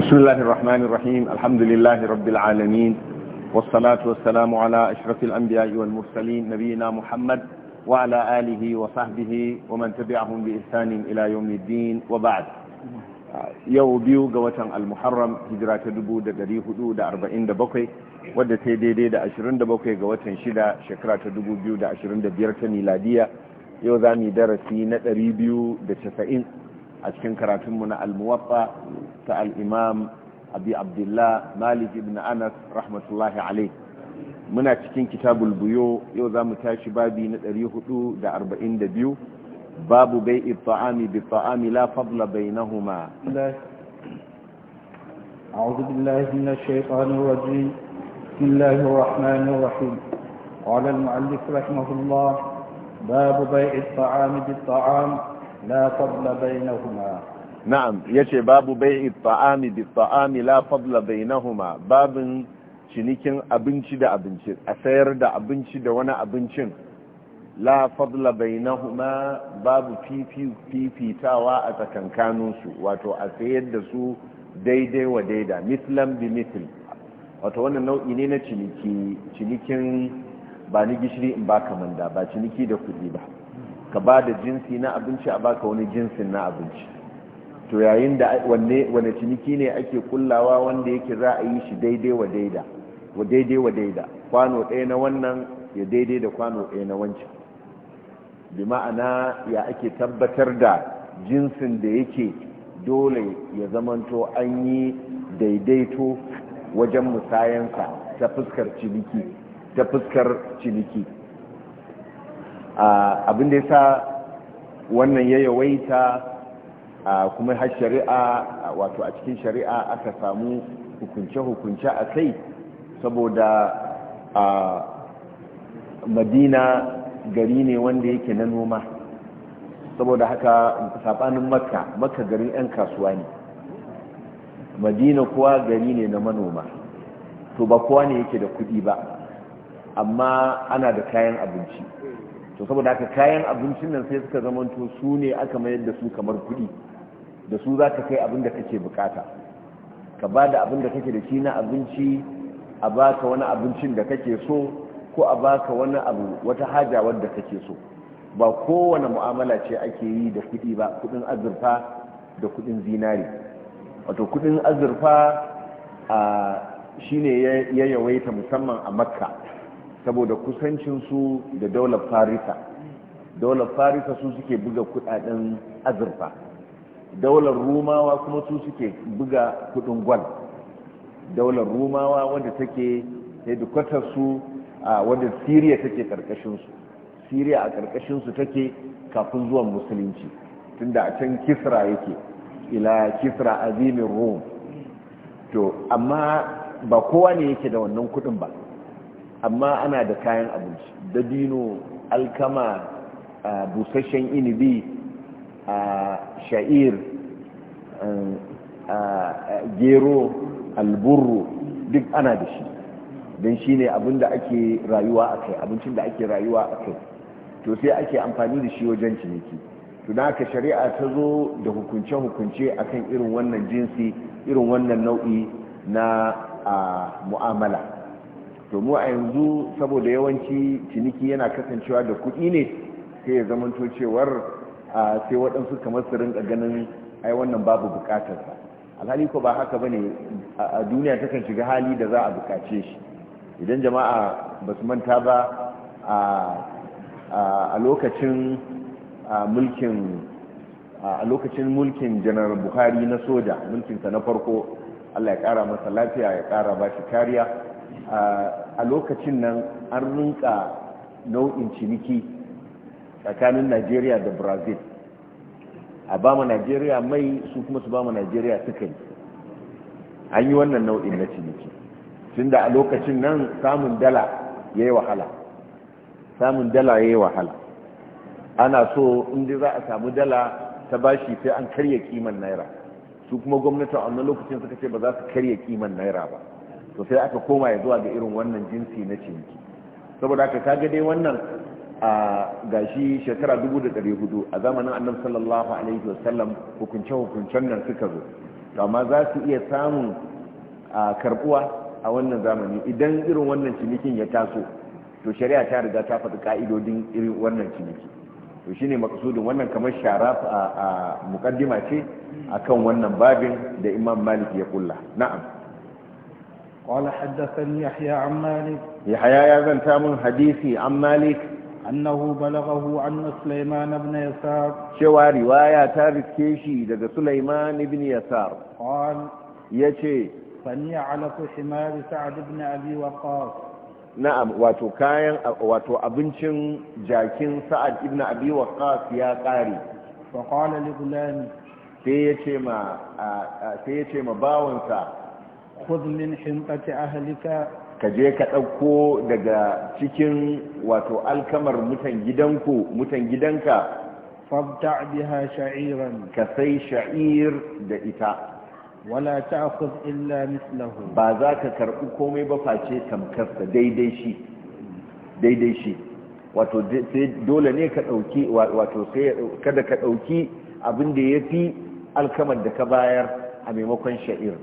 بسم الله الرحمن الرحيم الحمد لله رب العالمين والصلاة والسلام على أشرف الأنبياء والمرسلين نبينا محمد وعلى آله وصحبه ومن تبعهم بإحسان إلى يوم الدين وبعد yau biyu ga watan almuharram hijira ta dubu da dari hudu da arba'in da bakwai wadda daidai da ashirin da bakwai ga watan shida shekara ta dubu biyu da ashirin da biyar ta miladiya yau za mu yi darasi na dari biyu da casa'in a cikin karatunmu na almuwatta ta al'imam abi abdullah malik ibn anas rahmatullahi alai muna cikin kitabul buyo yau za mu tashi babi na 442 babu bai ibta'ami bi ta'ami la fadla bainahuma أعوذ بالله من الشيطان الرجيم بسم الله الرحمن الرحيم قال المؤلف رحمه الله باب بيع الطعام بالطعام لا فضل بينهما na'am yace babu bai'i ta'ami bi ta'ami la fadla bainahuma babin cinikin abinci da abinci a sayar da abinci da wani abincin la fadla bainahuma babu fifitawa a tsakankanin su wato a sayar da su daidai wa daida mislan bi misl wato wannan nau'i ne na cinikin bani gishiri in ba kamanda ba ciniki da kuɗi ba ka ba da jinsi na abinci a baka wani jinsin na abinci to yayin da wane ciniki ne ake kullawa wanda yake za a yi shi daidai wa daida wa daidai wa daida kwano ɗaya na wannan ya daidai da kwano ɗaya na wancan bi ma'ana ya ake tabbatar da jinsin da yake dole ya zamanto an yi daidaito wajen musayansa ta fuskar ciniki ta fuskar ciniki abin da ya sa wannan ya yawaita kuma har shari'a wato a cikin shari'a aka samu hukunce-hukunce a kai saboda madina gari ne wanda yake na noma saboda haka sabanin makka makka garin 'yan kasuwa ne madina kuwa gari ne na manoma to ba kowa ne yake da kudi ba amma ana da kayan abinci to saboda haka kayan abincin nan sai suka zamanto su ne aka mayar da su kamar kuɗi da su za ka kai abin da kake bukata ka ba da abin da kake da shi na abinci a ba ka wani abincin da kake so ko a ba ka wani abu wata haja wadda kake so ba kowane mu'amala ce ake yi da kuɗi ba kuɗin azurfa da kuɗin zinari wato kuɗin azurfa a shine ya yawaita musamman a makka saboda kusancinsu da daular farisa daular farisa su suke buga kudaden azurfa daular rumawa kuma su suke buga kudin gwal daular rumawa wanda take su a wanda siriya take karkashinsu siriya a karkashinsu take kafin zuwan musulunci tunda a can kisra yake ila kisra azimin rum to amma ba kowa ne yake da wannan kudin ba amma ana da kayan abinci da dino alkama busasshen inibi sha'ir gero alburu duk ana da shi don shi ne abin da ake rayuwa a kai abincin da ake rayuwa a kai to sai ake amfani da shi wajen ciniki to da haka shari'a ta zo da hukunce-hukunce akan irin wannan jinsi irin wannan nau'i na mu'amala to a yanzu saboda yawanci ciniki yana kasancewa da kuɗi ne sai ya zamanto cewar sai waɗansu kamar su rinka ganin ai wannan babu buƙatarsa alhali ko ba haka bane a duniya takan shiga hali da za a bukace shi idan jama'a ba su manta ba a lokacin mulkin a lokacin mulkin janar buhari na soja mulkinsa na farko allah ya kara masa lafiya ya kara ba shi kariya a lokacin nan an rinka nau'in ciniki tsakanin najeriya da brazil a ba ma najeriya mai su kuma su ba ma najeriya suka yi an yi wannan nau'in na ciniki tun da a lokacin nan samun dala ya yi wahala samun dala ya yi wahala ana so inda za a samu dala ta bashi sai an karya kiman naira su kuma gwamnatin wannan lokacin suka ce ba za su karya kiman naira ba to sai aka koma ya zuwa ga irin wannan jinsi na ciniki saboda aka kaga dai wannan a gashi shekara 1400 a zamanin annabi sallallahu alaihi wasallam hukunce hukuncen nan suka zo to amma za su iya samun karbuwa a wannan zamani idan irin wannan cinikin ya taso to shari'a ta riga ta faɗi ka'idodin irin wannan ciniki to shine masudin wannan kamar shara a mukaddima ce akan wannan babin da imam malik ya kulla na'am قال حدثني يحيى عن مالك يحيى يا زن تامن حديثي عن مالك أنه بلغه عن سليمان بن يسار شوى رواية تارك كيشي لدى سليمان بن يسار قال يشي فني على حمار سعد بن أبي وقاص na'am wato kayan wato abincin jakin sa'ad ibn abi waqqas ya kare fa qala li gulam sai yace ma sai yace ma bawansa خذ من حنطة أهلك kaje ka ɗauko daga cikin wato alkamar mutan gidanka fabta biha sha'iran ka sai sha'ir da ita wala ta'khudh illa mithlahu ba za ka karbi komai ba face tamkarsa daidai daidai shi wato dole ne kada ka ɗauki abin da fi alkamar da ka bayar a maimakon sha'ir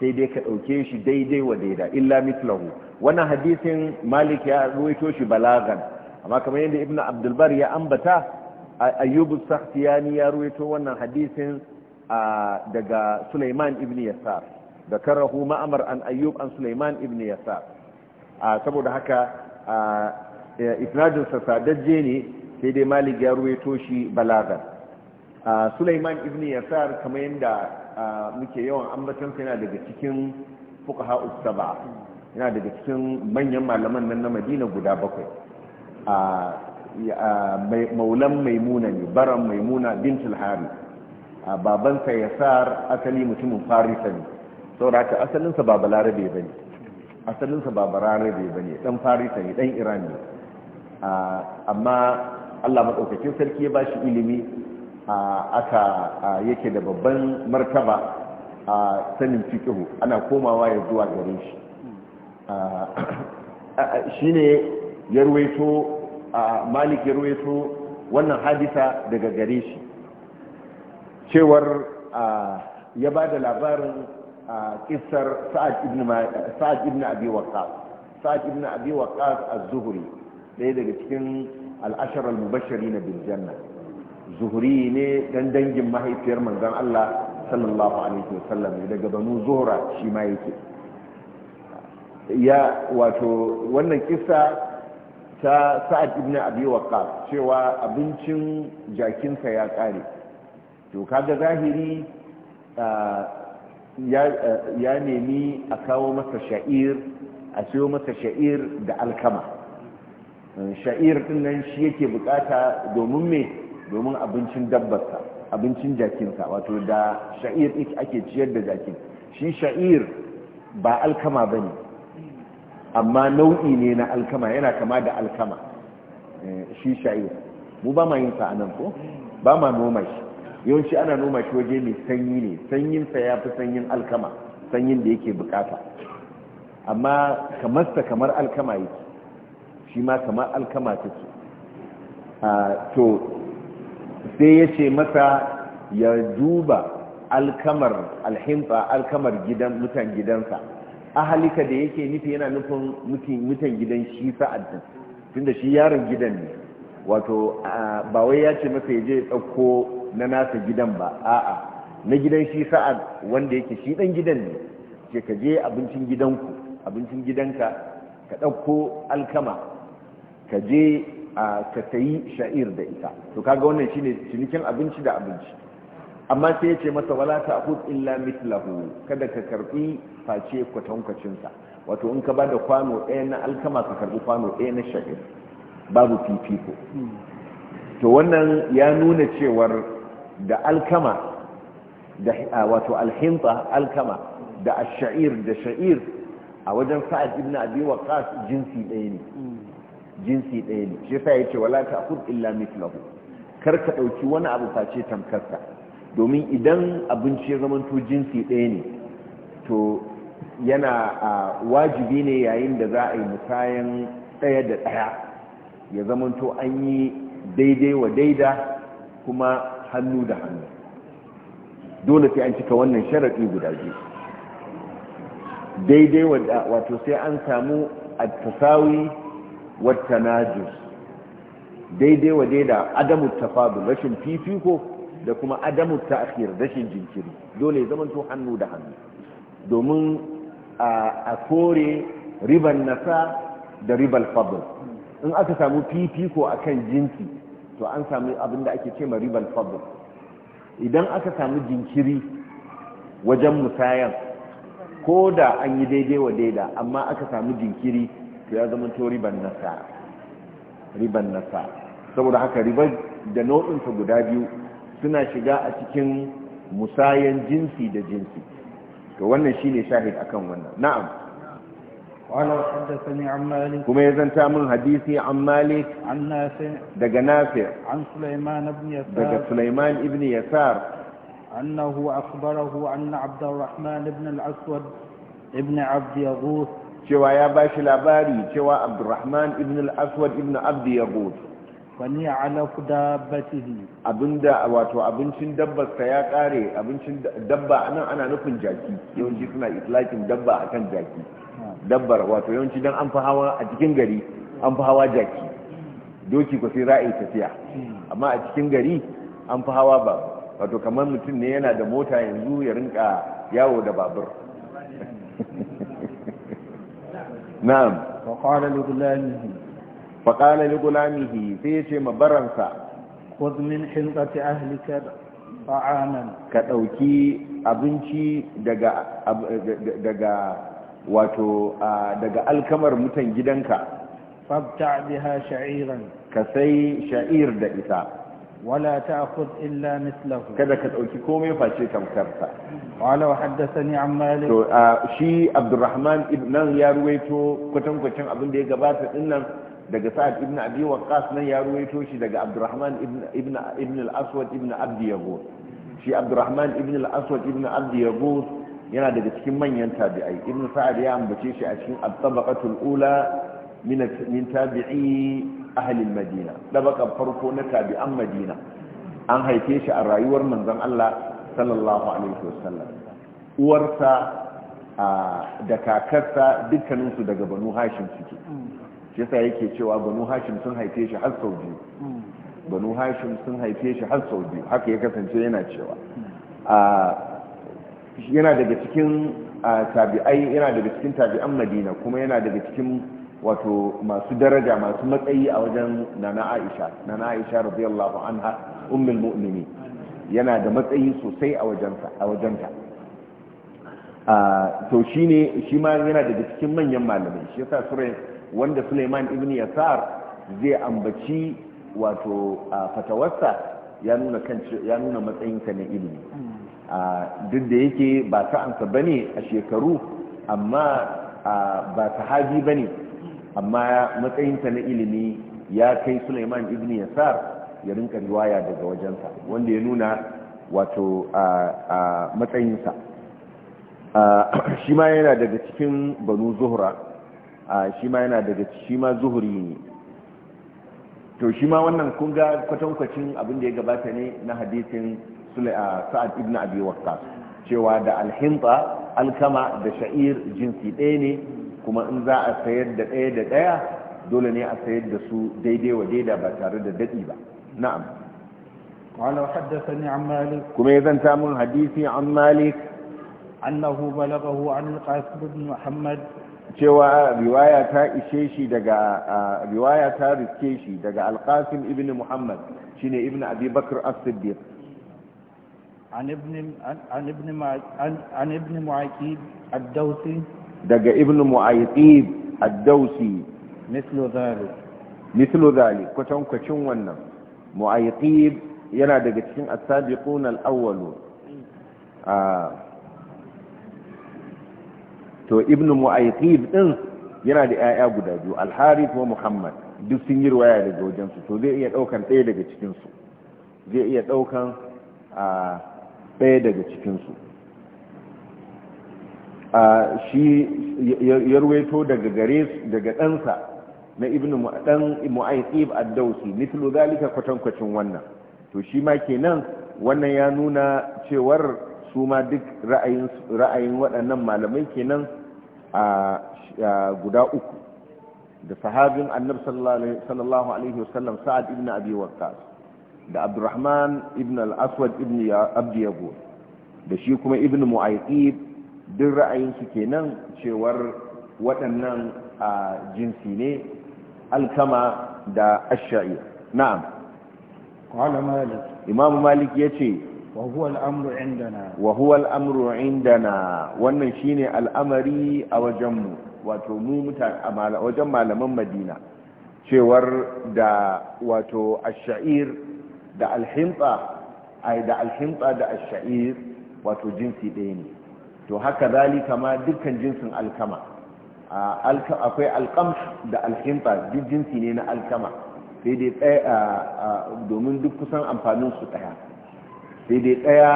sai dai ka ɗauke shi daidai wa daida illa mitlahu wannan hadisin malik ya ruwaito shi balagan amma kamar yadda ibnu abdulbar ya ambata ayyubu sahtiyani ya ruwaito wannan hadisin daga sulaiman ibn yasar da karahu ma'amar an ayyub an sulaiman ibn yasar saboda haka isnadinsa sadajje ne sai dai malik ya ruwaito shi balagan sulaiman ibn yasar kamar yadda muke yawan ambaton yana daga cikin fuqaha usaba yana daga cikin manyan malaman nan na Madina guda bakwai maulan maimuna ne baran maimuna bintul hari babansa yasar asali mutumin farisa ne sauraka asalinsa ba balarabe bane asalinsa ba balarabe bane dan farisa ne dan irani amma Allah madaukakin sarki ya bashi ilimi aka yake da babban martaba a sanin fikihu ana komawa ya zuwa gare shi shi ne ya ruwaito malik ya ruwaito wannan hadisa daga gare shi cewar ya ba da labarin kisar sa'ad ibn abi waqas sa'ad ibn abi waqas az-zuhri daya daga cikin al-ashara al-mubashirin bil janna zuhuri ne dan dangin mahaifiyar manzon Allah sallallahu alaihi wasallam daga banu zuhra shi ma yake ya wato wannan kissa ta sa'ad ibn abi waqqas cewa abincin jakinsa ya kare to kaga zahiri ya nemi a kawo masa sha'ir a siyo masa sha'ir da alkama sha'ir din nan shi yake bukata domin me domin abincin dabbarsa abincin jakinsa wato da sha'ir ake ciyar da jakin shi sha'ir ba alkama ba ne amma nau'i ne na alkama yana kama da alkama eh, shi sha'ir mu ba ma yin sa anan ko ba ma noma shi yawanci ana noma shi waje mai sanyi ne sanyinsa ya fi sanyin alkama sanyin da yake bukata amma kamarsa kamar alkama yake shi ma kamar alkama take ah, to sai ya ce masa ya duba alkamar alhimfa alkamar gidan mutan gidansa ahalika da yake nufi yana nufin mutan gidan shi sa'ad tunda shi yaron gidan ne wato ba wai ya ce masa ya je ɗauko na nasa gidan ba a'a na gidan shi sa'ad wanda yake shi ɗan gidan ne ke ka je abincin gidanku abincin gidanka ka ɗauko alkama ka je ka sayi sha'ir da ita to kaga wannan shine cinikin abinci da abinci amma sai ya ce masa wala akut illa mithlahu kada ka karbi face kwatankwacin sa wato in ka bada kwano ɗaya na alkama ka karbi kwano ɗaya na sha'ir babu fifiko to wannan ya nuna cewar da alkama da wato alhinta alkama da ash-sha'ir da sha'ir a wajen sa'ad ibn abi waqas jinsi ɗaya ne jinsi ɗaya ne shi yasa yace wala ta'khud illa mithlahu kar ka ɗauki wani abu face tamkarsa domin idan abinci ya zama to jinsi ɗaya ne to yana a wajibi ne yayin da za a yi musayan ɗaya da ɗaya ya zama to an yi daidai wa daida kuma hannu da hannu dole sai an cika wannan sharaɗi guda biyu daidai wato sai an samu a tasawi wata najus daidai wa daida adamu tafadul rashin fifiko da kuma adamu ta'khir rashin jinkiri dole ya zamanto hannu da hannu domin a kore riban nasa da ribal fadl in aka samu fifiko akan jinsi to an samu abin da ake ce ma ribal fadl idan aka samu jinkiri wajen musayan ko da an yi daidai wa daida amma aka samu jinkiri ya zama to riban nasa riban nasa saboda haka ribar da nau'insa guda biyu suna shiga a cikin musayan jinsi da jinsi to wannan shi ne shahid akan wannan na'am kuma ya zanta min hadisi an malik daga عن daga عن ibn دق نافع عن سليمان بن يسار دق سليمان بن أنه أخبره أن عبد الرحمن بن الأسود ابن عبد يغوث cewa ya ba shi labari cewa abdurrahman ibn al ibn abdi ya goto wani ala dabbatihi abinda wato abincin dabbarsa ya kare abincin dabba nan ana nufin jaki yawanci suna islakin dabba akan jaki dabbar wato yawanci don an fi hawa a cikin gari an fi hawa jaki doki ku sai ra'ayi tafiya amma a cikin gari an fi hawa ba wato kamar mutum ne yana da mota yanzu ya rinka yawo da babur na'am fa qala li gulamihi fa qala li ma baransa khudh min hintati ahlika ta'aman ka ɗauki abinci daga wato daga alkamar mutan gidanka fabta biha sha'iran ka sai sha'ir da ita ولا تأخذ إلا مثله كذا كتأوكي كومي فاشي كم كرتا قال وحدثني عن مالك شي عبد الرحمن ابن يا رويتو كتن كتن أبن دي قبات إنن daga sa'ad ibn abi waqqas nan ya ruwaito shi daga abdurrahman ibn al-aswad ibn abd shi abdurrahman ibn al-aswad ibn abd yana daga cikin manyan tabi'ai ibn sa'ad ya ambace shi a cikin at-tabaqatul ula min min tabi'i ahalin madina ɗabakan farko na tabi'an madina an haife shi a rayuwar manzon Allah sallallahu alaihi wasallam uwarsa da kakarsa dukkaninsu daga banu hashim suke shi yasa yake cewa banu hashim sun haife shi har sau biyu banu hashim sun haife shi har sau biyu haka ya kasance yana cewa yana daga cikin tabi'ai yana daga cikin tabi'an madina kuma yana daga cikin wato masu daraja masu matsayi a wajen nana aisha nana aisha radiyallahu anha ummul mu'mini yana da matsayi sosai a wajensa a wajenta to shine shi ma yana da cikin manyan malamai shi yasa sura wanda Suleiman ibn Yasar zai ambaci wato fatawarsa ya nuna kan ya nuna matsayinsa na ilimi duk da yake ba sa'ansa bane a shekaru amma ba sahabi bane amma matsayinsa na ilimi ya kai suleiman ibn yasar ya rinka riwaya daga wajensa wanda ya nuna wato a matsayinsa shi ma yana daga cikin banu zuhura shi ma yana daga shi ma zuhuri ne to shi ma wannan kun ga kwatankwacin abinda ya gabata ne na hadisin sa'ad ibn abi waqqas cewa da alhinta alkama da sha'ir jinsi ɗaya ne kuma in za a sayar da ɗaya da ɗaya dole ne a sayar da su daidai wa daida ba tare da daɗi ba na'am قال وحدثني عن مالك كما إذا تامن حديثي عن مالك أنه بلغه عن القاسم بن محمد cewa riwaya ta ishe shi daga riwaya ta riske shi daga alqasim ibn muhammad shine ibn abi bakr as-siddiq an ibn an ibn daga ibn mu'ayyib ad dawsi mislu zalik mislu zalik kwatan kwacin wannan mu'ayyib yana daga cikin as-sabiqun al ah to ibn mu'ayyib din yana da 'ya'ya guda biyu al-harith wa muhammad duk sun yi riwaya daga wajen su to zai iya daukan ɗaya daga cikin su zai iya daukan daya ah, daga cikin su shi ya ruwaito daga gare daga ɗansa na ibn mu'adan mu'ayyib ad-dawsi mithlu zalika kwatankwacin wannan to shi ma kenan wannan ya nuna cewar su ma duk ra'ayin ra'ayin waɗannan malamai kenan a guda uku da sahabin annab sallallahu alaihi wasallam sa'ad ibn abi waqqas da abdurrahman ibn al-aswad ibn abdiyabu da shi kuma ibn mu'ayyib duk ra'ayinsu kenan cewar waɗannan a jinsi ne alkama da asha'i na'am qala malik imam malik yace wa huwa al-amru indana wa huwa al-amru indana wannan shine al'amari a wajen mu, wato mu mutane a wajen malaman madina cewar da wato ashair da alhimta ai da alhimta da ashair wato jinsi ɗaya ne to haka zalika ma dukkan jinsin alkama akwai alkam da alhimfa duk jinsi ne na alkama sai dai tsaya domin duk kusan amfanin su daya sai dai tsaya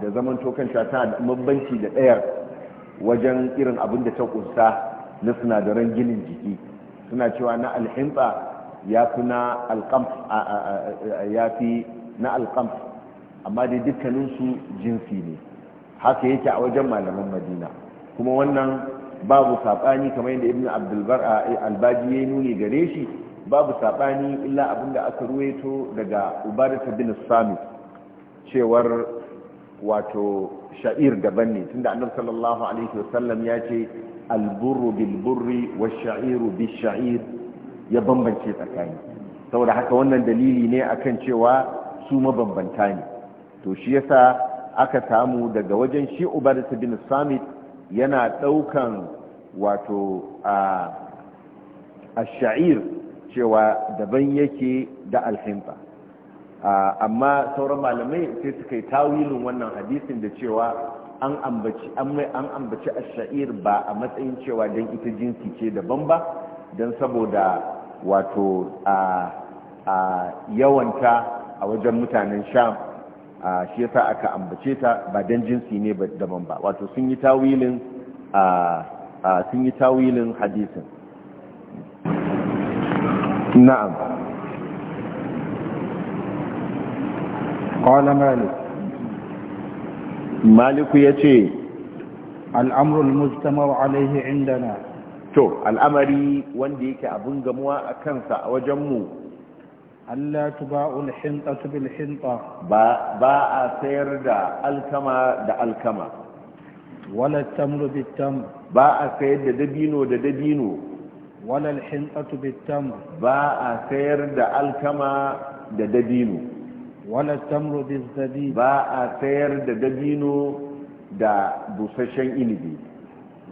da zaman tokan shata da mabbanci da tsayar wajen irin abin da ta kusa na sinadaran ginin jiki suna cewa na alhimfa ya fi na alkam ya fi na alkam amma dai dukkaninsu jinsi ne haka yake a wajen malaman madina kuma wannan babu saɓani kamar yadda ibn abdulbar a albaji ya nuni gare shi babu saɓani illa abinda aka ruweto daga ubarata bin sami cewar wato sha'ir daban ne tunda annabi sallallahu alaihi wasallam ya ce alburu bil burri wa sha'iru bil sha'ir ya bambance tsakani saboda haka wannan dalili ne akan cewa su mabambanta ne to shi yasa aka samu daga wajen shi ubadat bin samit yana daukan wato a ash-sha'ir cewa daban yake da alhinta amma sauran malamai sai suka yi tawilin wannan hadisin da cewa an ambaci an ambaci ash-sha'ir ba a matsayin cewa dan ita jinsi ce daban ba dan saboda wato a yawanta a wajen mutanen sham a shi yasa aka ambace ta ba dan jinsi ne daban ba wato sun yi tawilin a sun yi tawilin hadisin na'am qala malik maliku yace al'amru al-mujtama'u alayhi indana to al'amari wanda yake abun gamuwa a kansa a wajenmu Allah tuba'ul hinta bil hinta ba ba a sayar da alkama da alkama wala tamru bit tamr ba a sayar da dabino da dabino wala al hinta bit tamr ba a sayar da alkama da dabino wala tamru biz zabib ba a sayar da dabino da busasshen inibi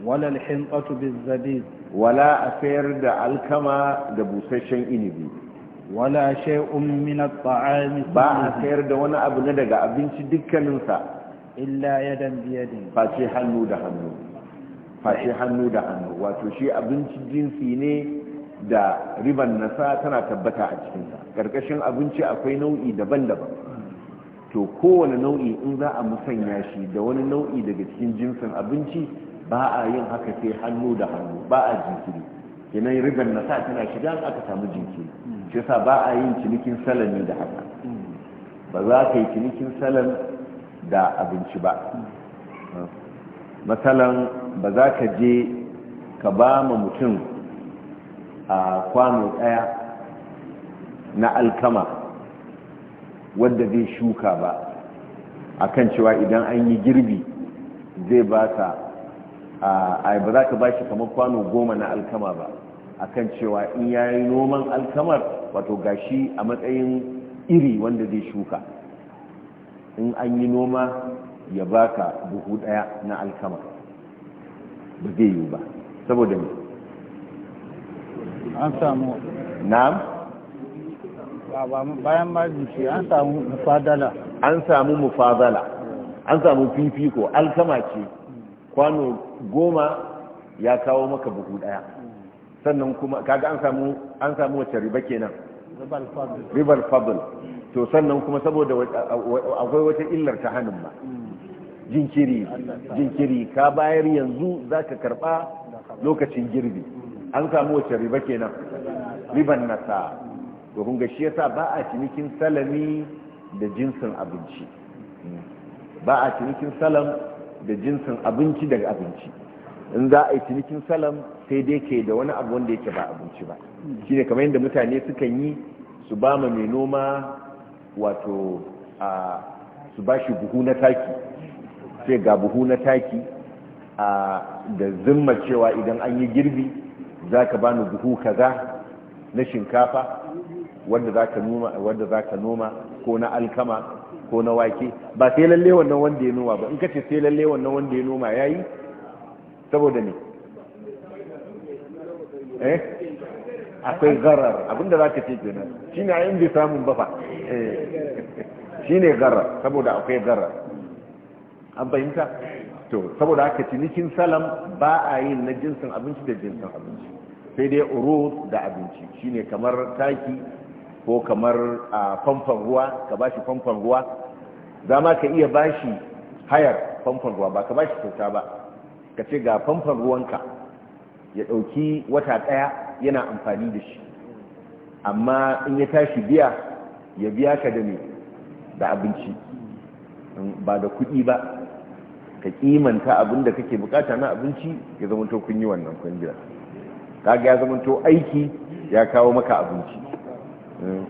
wala al hinta biz zabib wala a sayar da alkama da busasshen inibi wala shay'un min at taam ba a sayar da wani abu ne daga abinci dukkaninsa illa yadan bi yadin hannu da hannu face hannu da hannu wato shi abinci jinsi ne da riban nasa tana tabbata a cikinsa karkashin abinci akwai nau'i daban-daban to kowane nau'i in za a musanya shi da wani nau'i daga cikin jinsin abinci ba a yin haka sai hannu da hannu ba a jinkiri kenan riban nasa tana shiga aka samu jinkiri shi yasa ba a yin cinikin salami da haka ba za ka yi cinikin salam da abinci ba matsalan ba za ka je ka ba ma mutum a kwano ɗaya na alkama wadda zai shuka ba kan cewa idan an yi girbi zai ba ta a ba za ka ba shi kamar kwano goma na alkama ba akan cewa in yayi noman alkamar wato gashi a matsayin iri wanda zai shuka in an yi noma ya baka buhu daya na alkamar ba zai yi ba saboda ne an samu na'am bayan majinci an samu mufadala an samu mufadala an samu fifiko alkama ce kwano goma ya kawo maka buhu daya sannan kuma kaga an samu an samu wacce riba kenan ribal fadl to sannan kuma saboda akwai wata illar ta hannun ba hmm. jinkiri jinkiri ka bayar yanzu zaka karba lokacin girbi hmm. an samu wacce riba kenan riban nasa to kun ga shi yasa ba a cinikin salami da jinsin abinci ba a cinikin salam da jinsin abinci daga abinci in za a yi cinikin salam sai dai ke da wani abu wanda yake ba abinci ba shine kamar yadda mutane sukan yi su ba mai noma wato a su ba shi buhu na taki sai ga buhu na taki a da zimma cewa idan an yi girbi za ka bani buhu kaza na shinkafa wanda za ka noma ko na alkama ko na wake ba sai lalle wannan wanda ya noma ba in ka ce sai lalle wannan wanda ya noma yayi saboda ne eh akwai garar abinda za ka ce nan shi ne ayin bai samun bafa eh. shi ne garar saboda akwai garar an fahimta to saboda haka cinikin salam ba a yi na jinsin abinci da jinsin abinci sai dai uru da abinci shi ne kamar taki ko kamar famfan ruwa ka ba shi famfan ruwa za ma ka iya ba shi hayar famfan ruwa ba ka ba shi kyauta ba ka ce ga famfan ruwanka ya ɗauki wata ɗaya yana amfani da shi amma in ya tashi biya ya biya ka da ne da abinci ba da kuɗi ba ka ƙimanta abin da kake bukata na abinci ya zamanto kun yi wannan kungiya kaga ya zamanto aiki ya kawo maka abinci hmm.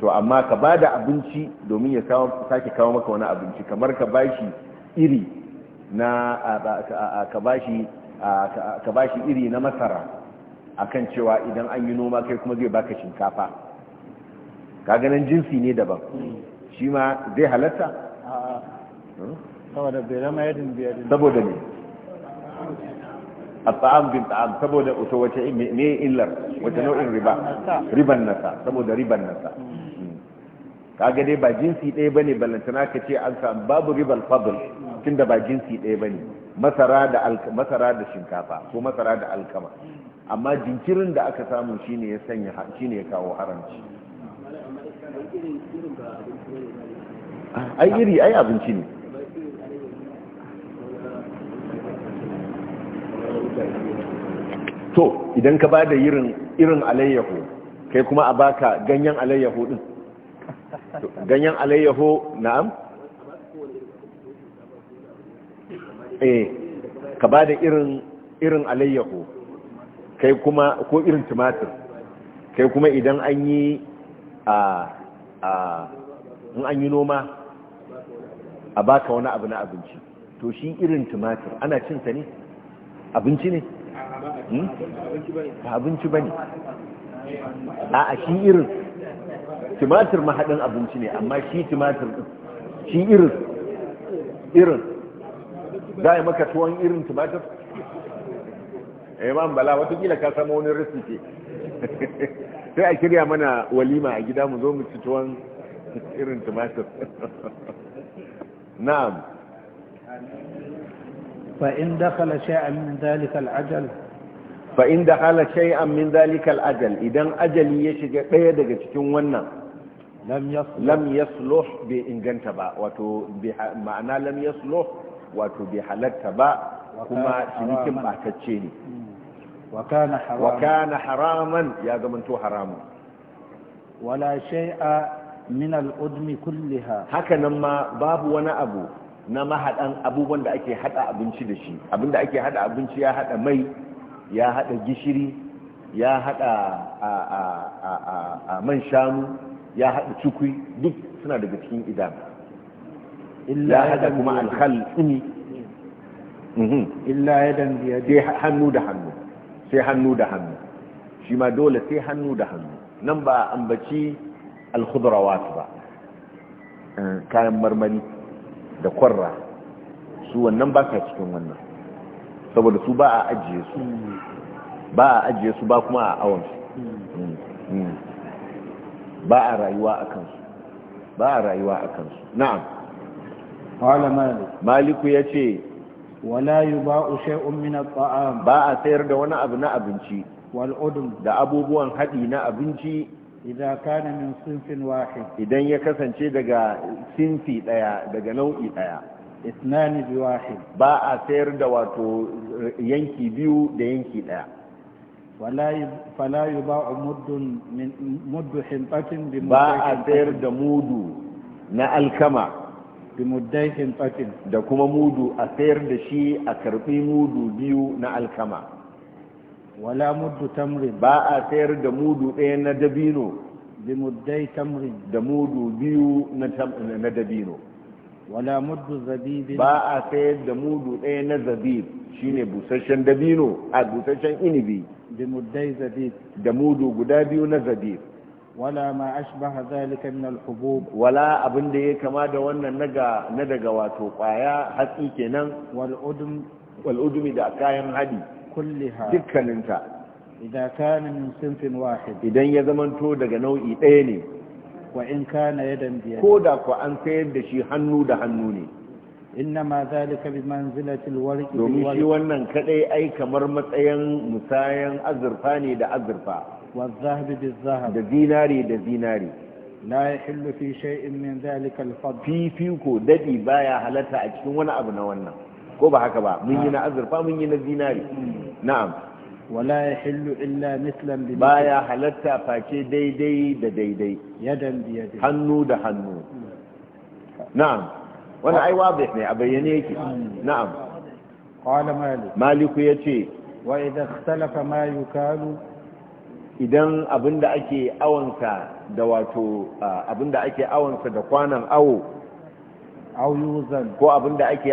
to amma ka ba da abinci domin ya sake kawo maka wani abinci kamar ka bashi iri na a ka bashi ka ba shi iri na masara akan cewa idan an yi noma kai kuma zai baka shinkafa Ka ganin jinsi ne daban shi ma zai halatta saboda bai zama yadin biyar saboda ne a ta'am bin ta'am saboda wato wace ne illar wace nau'in riba riban nasa saboda riban nasa hmm. kaga dai ba jinsi ɗaya bane ballantana ka ce an samu babu ribal fadl da ba jinsi ɗaya bane masara da masara da shinkafa ko masara da alkama amma jinkirin da aka samu shine ya sanya shine ya kawo haramci ai iri ai abinci ne to idan ka ba da irin alayyaho kai kuma a baka ganyen alayyaho din ganyen alayyahu na'am eh ka ba da irin irin alayyahu kai kuma ko irin tumatir kai kuma idan an yi a a in an yi noma a baka wani abu na abinci to shi irin tumatir ana cin sa ne abinci ne hmm? ba abinci bane a shi irin tumatir mahadin abinci ne amma shi tumatir shi irin irin za a yi maka tuwon irin tumatir eh, imam bala watakila ka samu wani recipe sai a kirya mana walima a gida mu zo mu ci tuwon irin tumatir na'am فإن دخل شيئا من ذلك العجل فإن دخل شيئا من ذلك العجل إذن أجل يشجع بيدك تكون ونا لم يصلح لم يصلح بإنجنتبا وتو معنى لم يصلح wato bai halatta ba kuma cinikin batacce ne hmm. wa kana haraman ya zamanto haramun wala shai'a min al-udmi haka hakanan ma babu wani abu na mahaɗan abubuwan da ake hada abinci da shi abinda ake haɗa abinci ya haɗa mai ya hada gishiri ya hada a man shanu ya haɗa cukui duk suna daga cikin idan illa hada kuma alhal ini mhm. illa yadan biyadi hannu da hannu sai hannu da hannu shi ma dole sai hannu da hannu nan ba ambaci alkhudrawat ba eh, kayan marmari da kwarra su wannan ba ka cikin wannan saboda su ba a ajiye su hmm. ba a ajiye su ba kuma a awon su hmm. Hmm. ba a rayuwa a kansu ba a rayuwa a kansu na'am qala malik maliku ce. wala ba a ushe at-ta'am ba a sayar da wani abu na abinci wal udum da abubuwan haɗi na abinci idan kana min sinfin wahi. idan ya kasance daga sinfi ɗaya daga nau'i ɗaya. isnani bi wahi. ba a sayar da wato yanki biyu da yanki ɗaya. fala yuba'u muddun min muddu hintatin bi ba a sayar da mudu na alkama bimuddai da kuma mudu a sayar da shi a karbi mudu biyu na alkama wala mudu tamrin ba a sayar da mudu ɗaya na dabino bimuddai tamrin da mudu biyu na dabino wala mudu zabibin ba a sayar da mudu ɗaya na zabib shine busasshen dabino a busasshen inibi bimuddai zabib da mudu guda biyu na zabib wala ma ashbaha zalika min al-hubub wala abin da ya kama da wannan na daga wato kwaya hatsi kenan wal udum da kayan hadi kulliha dukkaninta idan kana min sinfin ya zamanto daga nau'i ɗaya ne wa in kana yadan biya ko da ku an sayar da shi hannu da hannu ne innama zalika bi manzilati alwarqi domin shi wannan kaɗai ai kamar matsayin musayan azurfa ne da azurfa والذهب بالذهب da zinari da zinari la yahillu fi shay'in min dhalika al-fadl fi fiko dadi baya halatta a cikin wani abu na wannan ko ba haka ba mun yi na azurfa mun yi na zinari hmm. na'am wala yahillu illa mithlan bi baya halatta face daidai da daidai yadan bi hannu da hannu hmm. na'am wannan ai wadih ne a bayyane hmm. na'am malik malik wa idan abinda ake awansa da wato abinda ake awansa da kwanan awo auyuzan ko abinda ake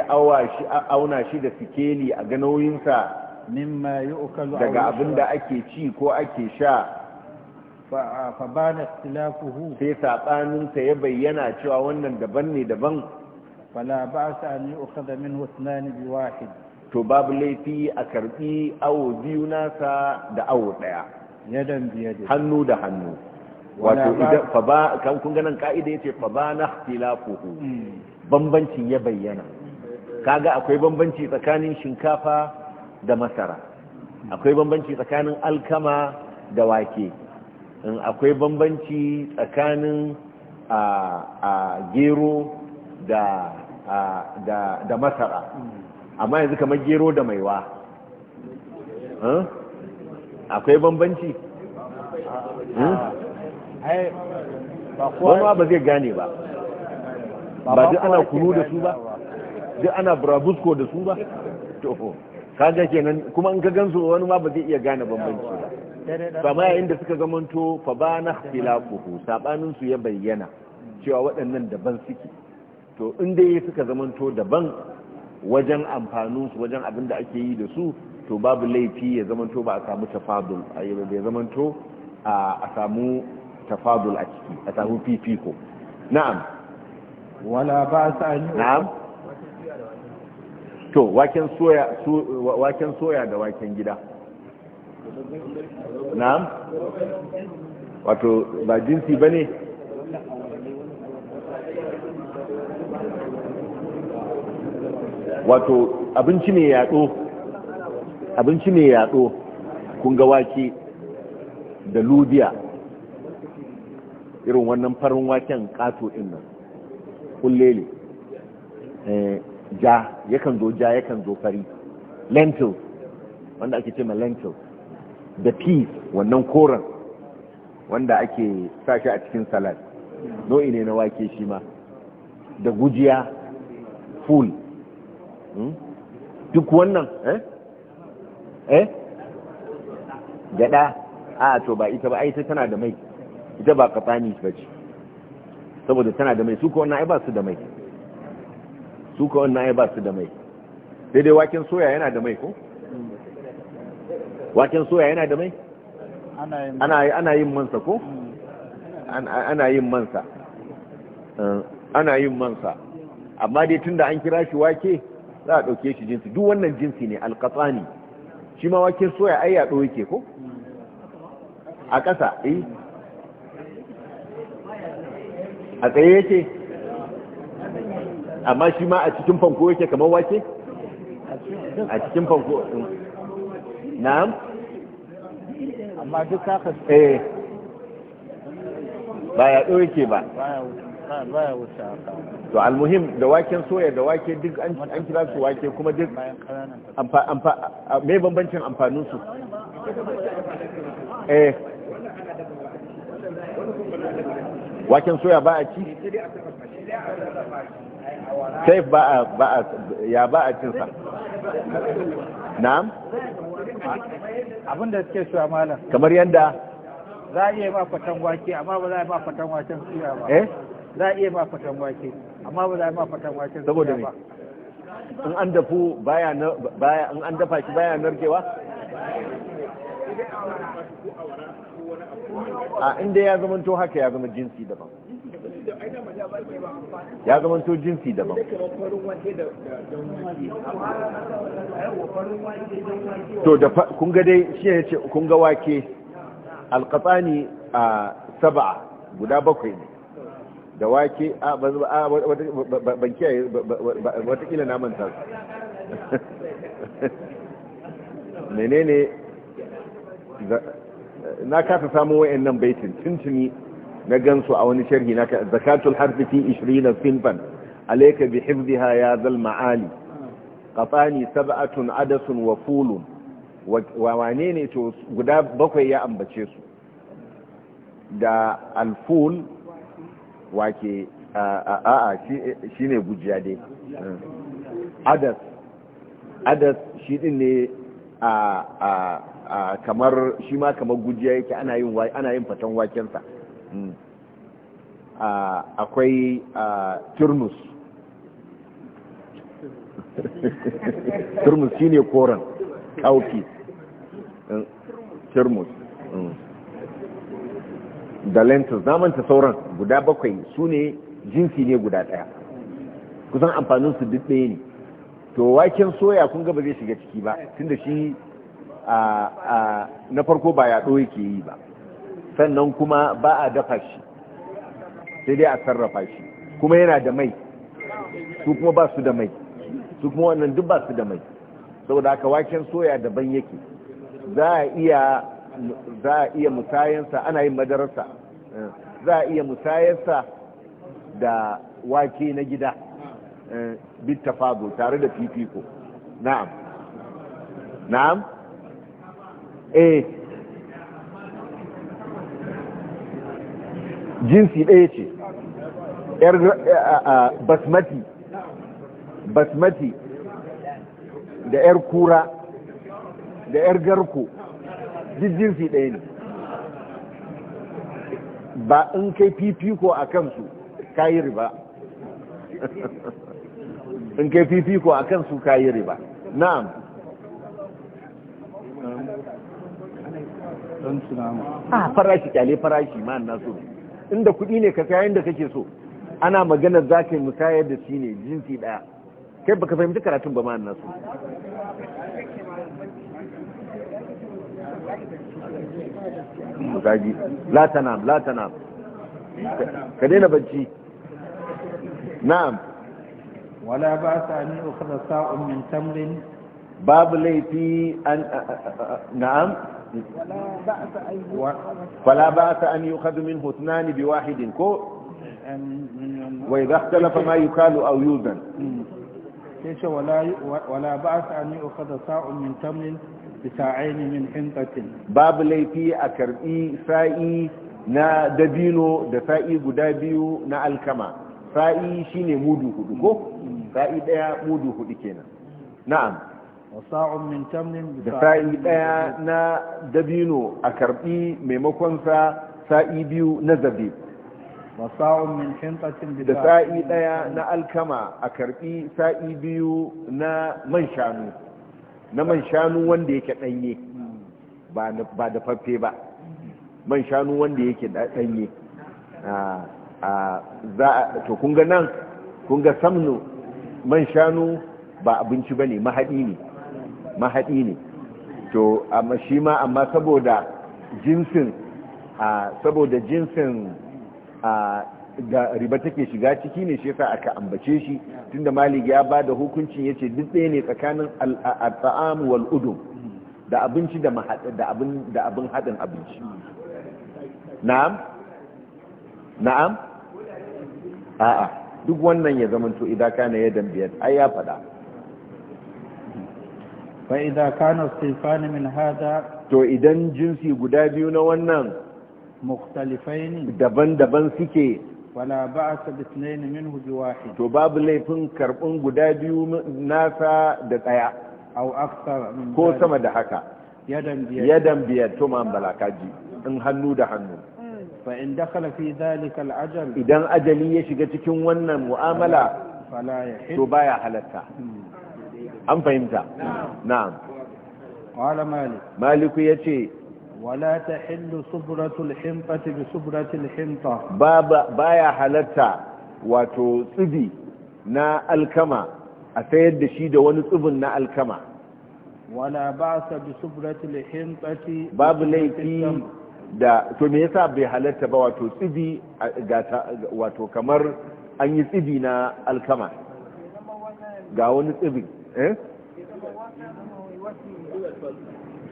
auna shi da sikeli a ganoyinsa mimma yu'kalu daga abinda ake ci ko ake sha fa bana ikhtilafuhu sai sabanin sa ya bayyana cewa wannan daban ne daban fala ba'sa an yu'khadha minhu ithnan bi wahid to babu laifi a karbi awo biyu nasa da awo daya yadan hannu da hannu wato idan fa ba kan kun ganin ka'ida yace fa ba na ikhtilafuhu mm. bambanci ya bayyana kaga akwai bambanci tsakanin shinkafa da masara akwai bambanci tsakanin alkama da wake in akwai bambanci tsakanin a gero da da da masara mm. amma yanzu kamar gero da maiwa akwai bambanci wani hmm? ba zai gane ba ba duk ana kunu da su ba duk ana burabusko da su ba to kaga kenan kuma in ka gansu wani ma ba zai iya gane bambanci ba kama yayin da suka zamanto fa ba na fila sabanin su ya bayyana cewa waɗannan daban suke to in dai suka zamanto daban wajen amfaninsu wajen abin da ake yi da su to babu laifi ya zamanto ba a samu tafadul A zamanto a samu tafadul a ciki a samu fifiko na'am wala ba sa yi na'am to waken soya waken soya da waken gida na'am wato ba jinsi bane wato abinci ne yaɗo abinci mai yaɗo kun ga wake da lubiya irin wannan farin waken ƙato ɗin nan kullele eh, ja yakan zo ja yakan zo fari lentils wanda ake ce ma lentils da peas wannan koren wanda ake sashi a cikin salad nau'i ne na wake shi ma da gujiya full hmm, duk wannan eh eh gada a to ba ita ba ai sai tana da mai ita ba kafani ba ce saboda tana da mai su ko wannan ai ba su da mai su ko wannan ai ba su da mai daidai waken soya yana da mai ko waken soya yana da mai ana yin mansa ko ana yin mansa hmm. eh, ana yin mansa amma dai tunda an kira shi wake za a ɗauke shi jinsi duk wannan jinsi ne alqatani shi ma waken soya ai yaɗo yake ko a ƙasa eh a tsaye yake amma shi ma a cikin fanko yake kamar wake a cikin fanko eh. na'am amma duk haka eh ba yaɗo yake ba baya wuce haka to almuhim da waken soya da wake duk an kira su wake kuma duk mai bambancin amfanin su eh waken soya ba a ci sai ba a ba a ya ba a cin sa na'am abinda suke soya malam kamar yanda za a iya ba fatan wake amma ba za a ba fatan waken soya ba eh za a iya ma fatan wake amma ba za a ma fatan wake saboda me in an dafu baya baya in an dafa shi baya narkewa a inda ya to haka ya zama jinsi daban ya zama to jinsi daban to da kun ga dai shi ne ce kun ga wake alkatsani a saba'a guda bakwai ne da wake a ban wata watakila na manta menene na kasa samun wayan nan baitin tuntuni na gansu a wani sharhi na zakatul harfi fi 20 sinfan alayka bi hifdhiha ya zal ma'ali qatani sab'atun adasun wa fulun wa wane ne to guda bakwai ya ambace su da alful wake a'a shi ne gujiya dai eh. adas adas shi din ne a kamar shi ma kamar gujiya yake ana yin ana yin fatan wakensa hmm. akwai turnus turnus shi ne koren kauki hmm. turnus hmm. da lentils na manta sauran guda bakwai su ne jinsi ne guda ɗaya kusan amfanin su duk ɗaya ne to waken soya kun gaba zai shiga ciki ba tunda shi na farko ba yaɗo yake yi ba sannan kuma ba a dafa shi sai dai a sarrafa shi kuma yana da mai su kuma ba su da mai su kuma wannan duk ba su da mai saboda haka waken soya daban yake za a iya za a iya musayensa ana yin madararsa za a iya musayensa da wake na gida bit fago tare da fifiko na'am na'am eh jinsi ɗaya ce yar eh, eh, eh, basmati basmati da yar kura da yar garko duk jinsi ɗaya ne ba in kai fifiko a kansu ka yi riba in kai fifiko a kansu ka yi riba na'am a ah, farashi kyale farashi na so inda kuɗi ne ka kayan da kake so ana magana za ka yi musayar da shi ne jinsi ɗaya kai baka fahimci karatun ba na so kaji la tanam la tanam ka daina bacci na'am wala ba sa ni ukhra sa'un min tamrin babu laifi an na'am wala ba sa an yukhadhu min hutnan bi wahidin ko wa idha ikhtalafa ma yukalu aw yuzan sai ce wala ba sa an yukhadha sa'un min tamrin bita'aini babu laifi a karbi sa'i na dabino da sa'i guda biyu na alkama sa'i shine mudu hudu ko sa'i na'am da sa'i daya na dabino a karbi maimakon sa'i biyu na zabib da sa'i na alkama a sa'i biyu na man shanu na man shanu wanda yake danye ba da farfe ba man shanu wanda yake danye to kunga nan kunga samnu man shanu ba abinci ba ne mahaɗi ne mahaɗi ne to amma shi ma amma saboda jinsin saboda jinsin da riba take shiga ciki ne shi yasa aka ambace shi tunda malik ya ba da hukuncin yace duk ɗaya ne tsakanin al-ta'am wal udum da abinci da da abin da abin hadin abinci na'am na'am a'a duk wannan ya zama to idan kana yadan biyar ai ya faɗa فإذا min hada to idan jinsi guda biyu na wannan مختلفين daban daban suke. wala ba'sa bi ithnayn minhu bi wahid to babu laifin karbin guda biyu nasa da tsaya ko sama da haka yadan biyar yadan biyar to man balakaji in hannu da hannu mm. fa in fi dhalika ajal idan ajali ya shiga cikin wannan mu'amala fala yahid to baya halatta mm. an fahimta na'am qala malik maliku yace wala ta hillu subratul himfati bi subratul himfa ba ya halatta wato tsibi na alkama a sayar da shi da wani tsibin na alkama wala ba sa bi subratul himfati babu laifi da to me yasa bai halarta ba wato tsibi wato kamar an yi tsibi na alkama ga wani tsibi eh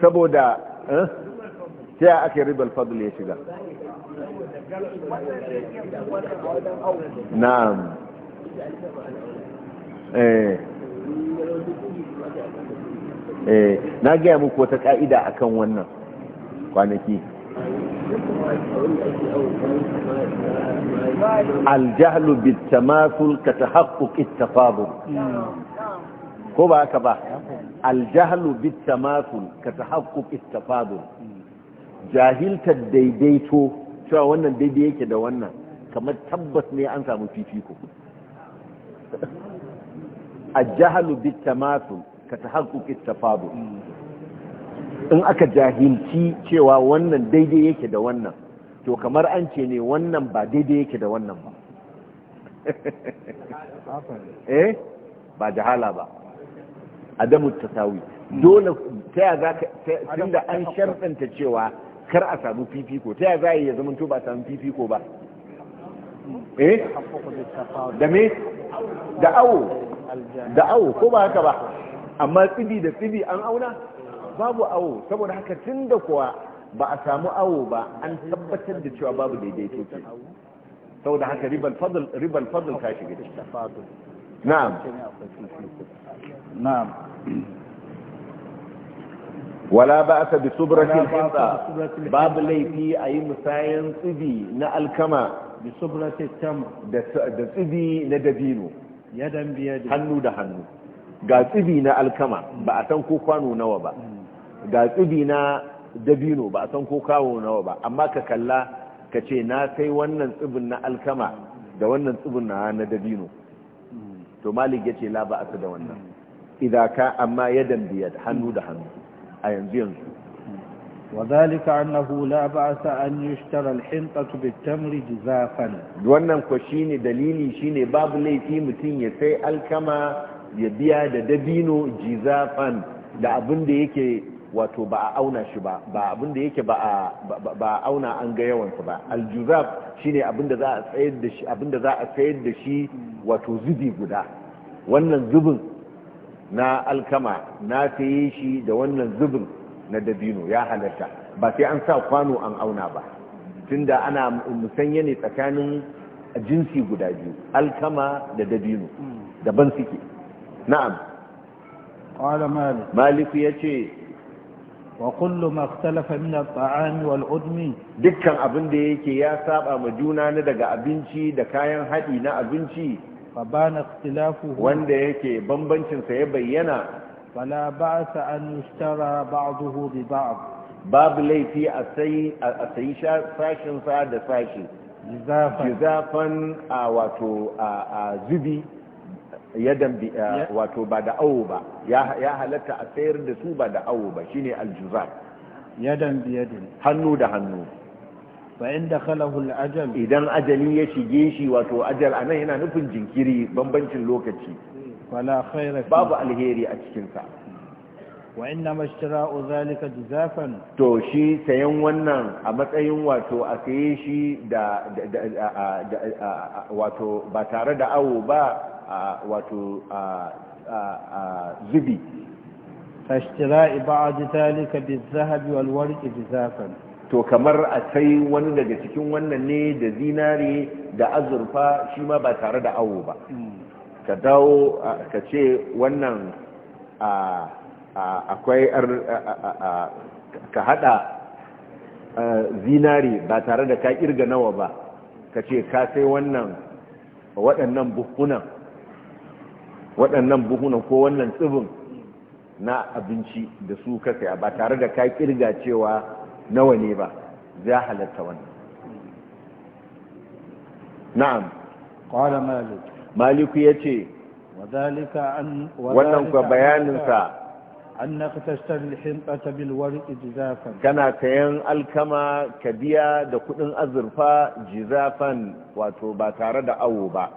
saboda ta ya aka yi ribar ya shiga na'am eh. eh na gaya muku wata ka'ida akan wannan kwanaki aljahlu bitamasul ka tahaqquq at-tafadul ko ba haka ba aljahlu bitamasul ka tahaqquq at-tafadul jahiltar daidaito cewa wannan daidai yake da wannan kamar tabbas ne an samu fifiko A jahalu bitta masu, ka tahaqquqit tafadul in aka jahilci cewa wannan daidai yake da wannan to kamar an ce ne wannan ba daidai yake da wannan ba eh ba jahala ba adamu tasawi dole ta ya zaka tunda an sharɗanta cewa kar a samu fifiko ta ya za ya zama to ba samu fifiko ba eh da me da awo da awo ko ba haka ba amma tsibi da tsibi an auna babu awo saboda haka tun da kuwa ba a samu awo ba an tabbatar da cewa babu daidaito saboda haka ribal fadl ribal fadl ta shiga cikin na'am na'am wala ba aka bi subratil hinda babu laifi a yi musayan tsibi na alkama da tsibi na dabino hannu da hannu ga tsibi na alkama ba a san ko kwano nawa ba mm. ga tsibi na dabino ba a san ko kawo nawa ba amma ka kalla ka ce na sai wannan tsibin na alkama da wannan tsibin na dabino mm. to malik ya ce la ba a da wannan mm. idan ka amma yadan biyar hannu da hannu a yanzu yanzu وذلك أنه لا بأس أن يشترى الحنطة بالتمر جزافا wannan ko shine dalili shine babu laifi mutum ya sai alkama ya biya da dabino jizafan da abin da yake wato ba a auna shi ba ba abin da yake ba a auna an ga yawansa ba aljuzaf shine abin da za a da shi abin da za a sayar da shi wato zubi guda wannan zubin na alkama na saye shi da wannan zubin na dabino ya halarta, ba sai an sa kwano an auna ba tunda ana musanya ne tsakanin jinsi guda biyu alkama da dabino daban suke na'am qala malik malik yace wa kullu ma ikhtalafa min at wal udmi dukkan abin da yake ya saba ma juna na daga abinci da kayan haɗi na abinci fa bana ikhtilafuhu wanda yake bambancinsa ya bayyana fala ba'sa an yushtara ba'dahu bi ba'd babu laifi a sai a sai sashin sa da sashi jizafan a wato a zubi dambi, wato ba da awo ba ya halatta a sayar da su ba da awo ba shine aljuzaf dambi biyadin hannu da hannu fa'in da ajal idan ajali ya shige shi wato ajal nan yana nufin jinkiri bambancin lokaci babu alheri a cikinsa sa wa inna mashtara'u jizafan to shi sayan wannan a matsayin wato a saye shi da wato ba tare da awo ba wato zubi tashtira'i ba'd zalika bizahabi wal jizafan to kamar a sai wani daga cikin wannan ne da zinare da azurfa shi ma ba tare da awo ba ka dawo ka ce wannan akwai ka hada zinare ba tare da ka kirga nawa ba ka ce ka sai wannan waɗannan buhunan waɗannan buhunan ko wannan tsibin na abinci da su ka saya ba tare da ka kirga cewa nawa ne ba za halatta wannan na'am qala malik maliku yace wadhalika an wannan ku bayanin sa annaka tashtari al-hinqata bil warq jizafan kana kayan alkama kadiya da kudin azurfa jizafan wato ba tare da awo ba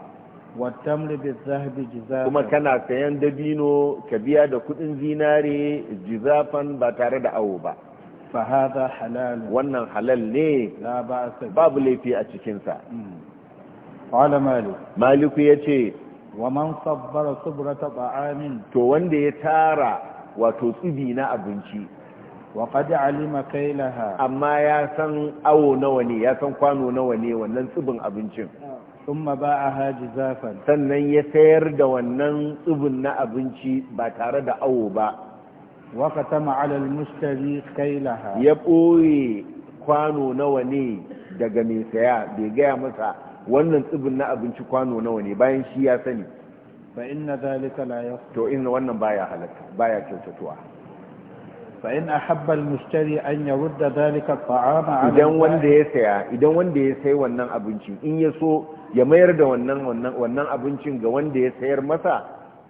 bil بالذهب جزافا kuma kana sayan dabino kadiya da kudin zinare jizafan ba tare da awo ba fa wannan halal ne la ba'sa babu laifi a cikin sa hmm. qala malik maliku yace wa man sabbara subrata ta'amin to wanda ya tara wato tsibi na abinci wa qad alima kailaha amma ya san awo nawa ne ya san kwano nawa ne wannan tsibin abincin thumma ba'a hajizafan sannan ya sayar da wannan tsibin na abinci ba tare da awo ba وختم على المشتري كيلها يبوي kwano nawa ne daga mai saya bai gaya masa wannan tsibin na abinci kwano nawa ne bayan shi ya sani fa inna zalika la yaqtu to in wannan baya halaka baya kyautatuwa fa in ahabba al an yurda zalika at-ta'ama idan wanda ya saya idan wanda ya sayi wannan abinci in ya so ya mayar da wannan wannan wannan abincin ga wanda ya sayar masa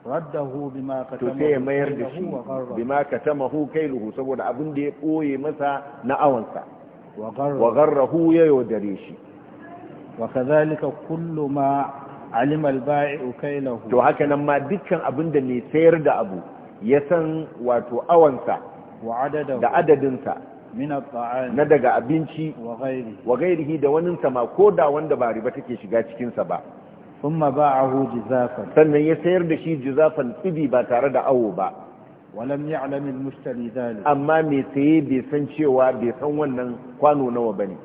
raddahu bima katamahu to sai ya mayar da shi bima katamahu kailuhu saboda abin da ya koye masa na awansa wa garrahu ya yaudare shi wa kadhalika kullu ma alima al kailahu to haka nan ma dukkan abin da mai sayar da abu ya san wato awansa da adadinsa na daga abinci wa gairihi da waninsa ma ko da wanda ba riba take shiga cikinsa ba sun ma ba a hoji zafan sannan ya sayar da shi jizafan tsibi ba tare da awo ba walam ya alamin mustari zali amma mai saye bai san cewa bai san wannan kwano nawa ba ne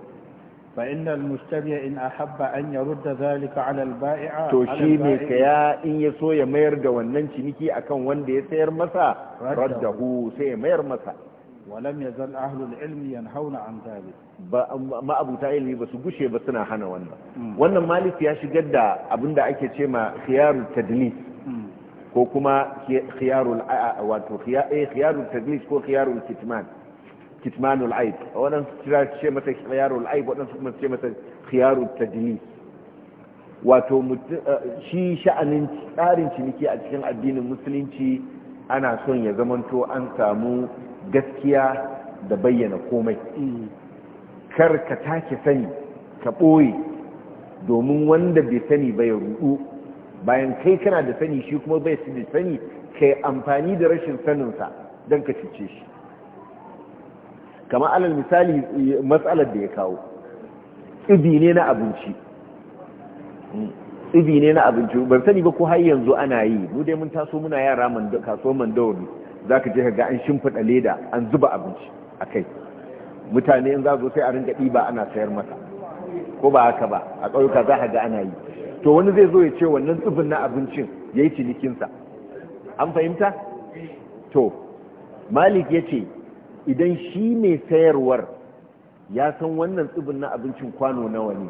ba inna mustari in ahabba an yarudda zalika alal baia to shi mai saya in ya so ya mayar da wannan ciniki akan wanda ya sayar masa raddahu sai ya mayar masa ولم يزل أهل العلم ينهون عن ذلك ما أبو تعالي بس قشي بس أنا وانا وانا مالك ياشي قد أبن دا أكي خيار التدليس ko kuma khiyarul wato eh, khiyarul tadlis ko khiyarul kitman kitmanul aib wannan kira ce mata khiyarul aib wannan kuma ce mata tadlis wato eh, shi sha'anin tsarin ciniki a cikin addinin musulunci ana son ya zamanto an samu gaskiya da bayyana komai mm. kar ka take sani ka ɓoye domin wanda bai sani ba ya rudu bayan kai kana da sani shi kuma bai su da sani ka amfani da rashin saninsa don ka cuce shi kama alal misali matsalar da ya kawo Tsibi ne na abinci tsibi mm. ne na abinci ban sani ba ko har yanzu ana yi mu dai mun taso muna yara kasuwar mandawari za ka je ka ga an shimfiɗa leda an zuba abinci a kai mutane in za zo sai a ringa ɗiba ana sayar mata ko ba haka ba a ƙauyuka za ka ga ana yi to wani zai zo ya ce wannan tsibin na abincin ya yi cinikinsa an fahimta to malik ya ce idan shi mai sayarwar ya san wannan tsibin na abincin kwano nawa ne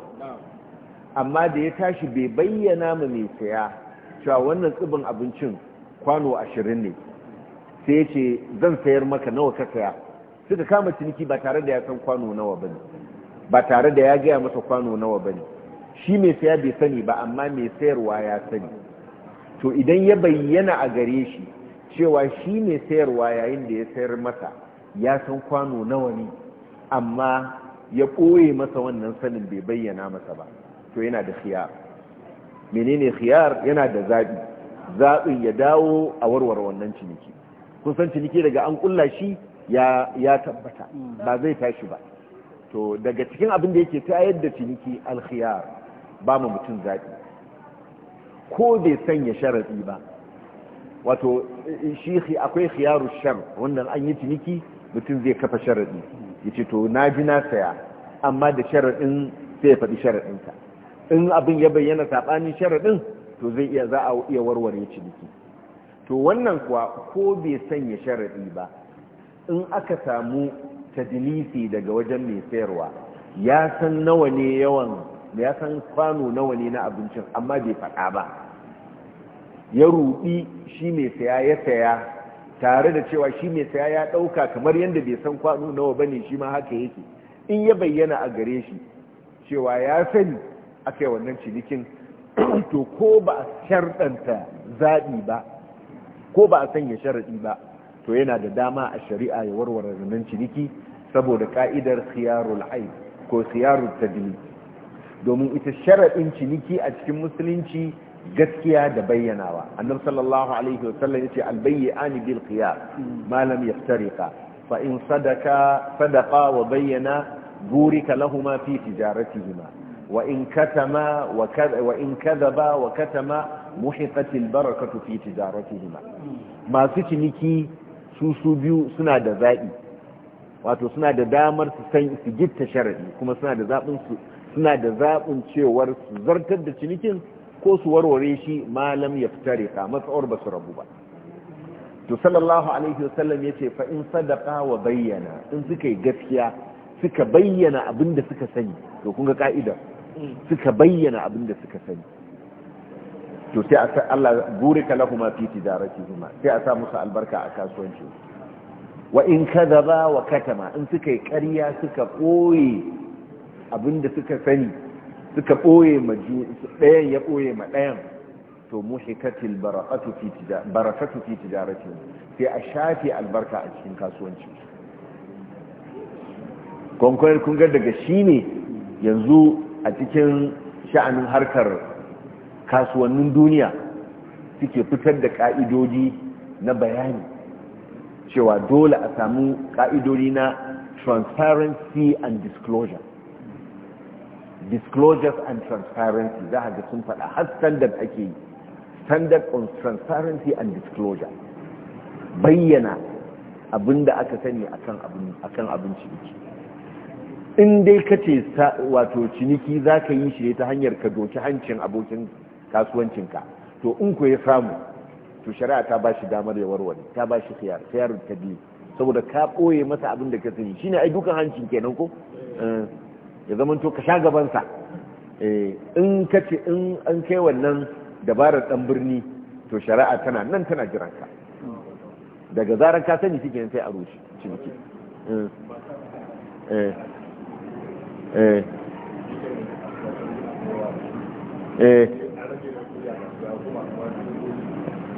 amma da ya tashi bai bayyana ma mai saya cewa wannan tsibin abincin kwano ashirin ne sai ya ce zan sayar maka nawa ka saya suka kama ciniki ba tare da ya san kwano nawa ba ne ba tare da ya gaya masa kwano nawa ba ne shi mai saya bai sani ba amma mai sayarwa ya sani to idan ya bayyana a gare shi cewa shi mai sayarwa yayin da ya sayar masa ya san kwano nawa ne amma ya ɓoye masa wannan sanin bai bayyana masa ba to yana da khiyar menene khiyar yana da zaɓi zaɓin ya dawo a warware wannan ciniki kun san ciniki daga an kulla shi ya tabbata ba zai tashi ba to daga cikin abin da yake ta yadda ciniki alkhiyar ba mu mutum zaɓi ko bai sanya sharaɗi ba wato shi akwai khiyaru shar wannan an yi ciniki mutum zai kafa sharaɗi ya ce to na ji na saya amma da sharaɗin sai ya faɗi sharaɗinsa in abin ya bayyana saɓanin sharaɗin to zai iya za a iya warware ciniki to wannan kuwa ko bai sanya sharaɗi ba in aka samu tajlisi daga wajen mai sayarwa ya san nawa ne yawan ya san kwano nawa ne na abincin amma bai faɗa ba ya ruɗi shi mai saya ya saya tare da cewa shi mai saya ya ɗauka kamar yadda bai san kwano nawa ba ne shi ma haka yake in ya bayyana a gare shi cewa ya sani aka yi wannan cinikin to ko ba a sharɗanta zaɓi ba ko ba a sanya sharaɗi ba to yana da dama a shari'a ya warware zunan ciniki saboda ka'idar khiyarul aib ko khiyarul tadli domin ita sharaɗin ciniki a cikin musulunci gaskiya da bayyanawa annabi sallallahu alaihi wasallam yace albayyani bil qiyas ma lam yaftariqa fa in sadaka sadaqa wa bayyana burika lahumma fi tijaratihima wa in katama wa kadha wa in kadhaba wa katama muhiqat al barakatu fi tijaratihima masu ciniki su su biyu suna da zaɓi wato suna da damar su san su gitta sharaɗi kuma suna da zaɓin su suna da zaɓin cewar su zartar da cinikin ko su warware shi malam ya fita rika matsawar ba su rabu ba to sallallahu alaihi wasallam ce fa in sadaqa wa bayyana in suka yi gaskiya suka bayyana abin da suka sani to kun ga ka'idar suka bayyana abin da suka sani to sai a san Allah burika lahuma fi tijaratihima sai a sa musu albarka a kasuwanci wa in kadaba wa katama in suka yi ƙarya suka ɓoye abinda suka sani suka ɓoye ma ɗayan ya ɓoye ma ɗayan to muhikatil barakatu fi barakatu fi tijaratihim sai a shafi albarka a cikin kasuwanci kun kun ga daga shine yanzu a cikin sha'anin harkar kasuwannin duniya suke fitar da ka'idoji na bayani cewa dole a samu ka'idoji na transparency and disclosure disclosures and transparency za a ga sun fada har standard ake yi standard on transparency and disclosure bayyana abin da aka sani akan abin ciniki in dai ka ce wato ciniki za ka yi shi ne ta hanyar ka doki hancin abokin kasuwancinka to in ku ya samu to shari'a ta ba shi damar ya warware ta ba shi khiyar khiyar tabi saboda ka koye masa abin da ka sani shine ai dukan hancin kenan ko eh, ya zaman to ka sha gaban sa eh, in ka ce in an kai wannan dabarar dan birni to shari'a tana nan tana jiran ka daga zaran ka sani kike sai a rushe ciniki eh eh eh, eh.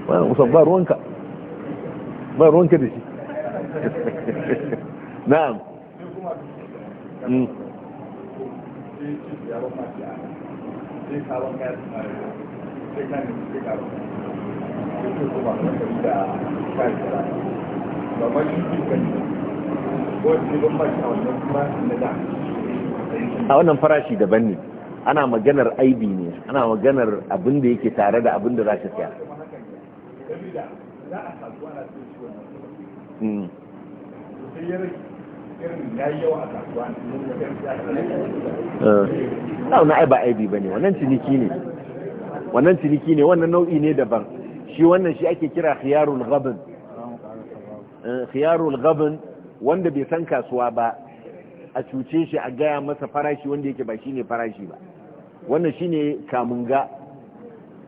wani usab ba ruwanka ba ruwanka da shi na'am mm. a wannan farashi daban ne ana maganar aibi ne ana maganar abin da yake tare da abin da za shi siya sabida za a kasuwa na cikin ciwon nan hmm. sai ya na ai ba aibi bane wannan ciniki ne wannan ciniki ne wannan nau'i ne daban shi wannan shi ake kira khiyarul gabin eh, khiyarul gabin wanda bai san kasuwa ba a cuce shi a gaya masa farashi wanda yake ba shi ne farashi ba wannan shi ne kamunga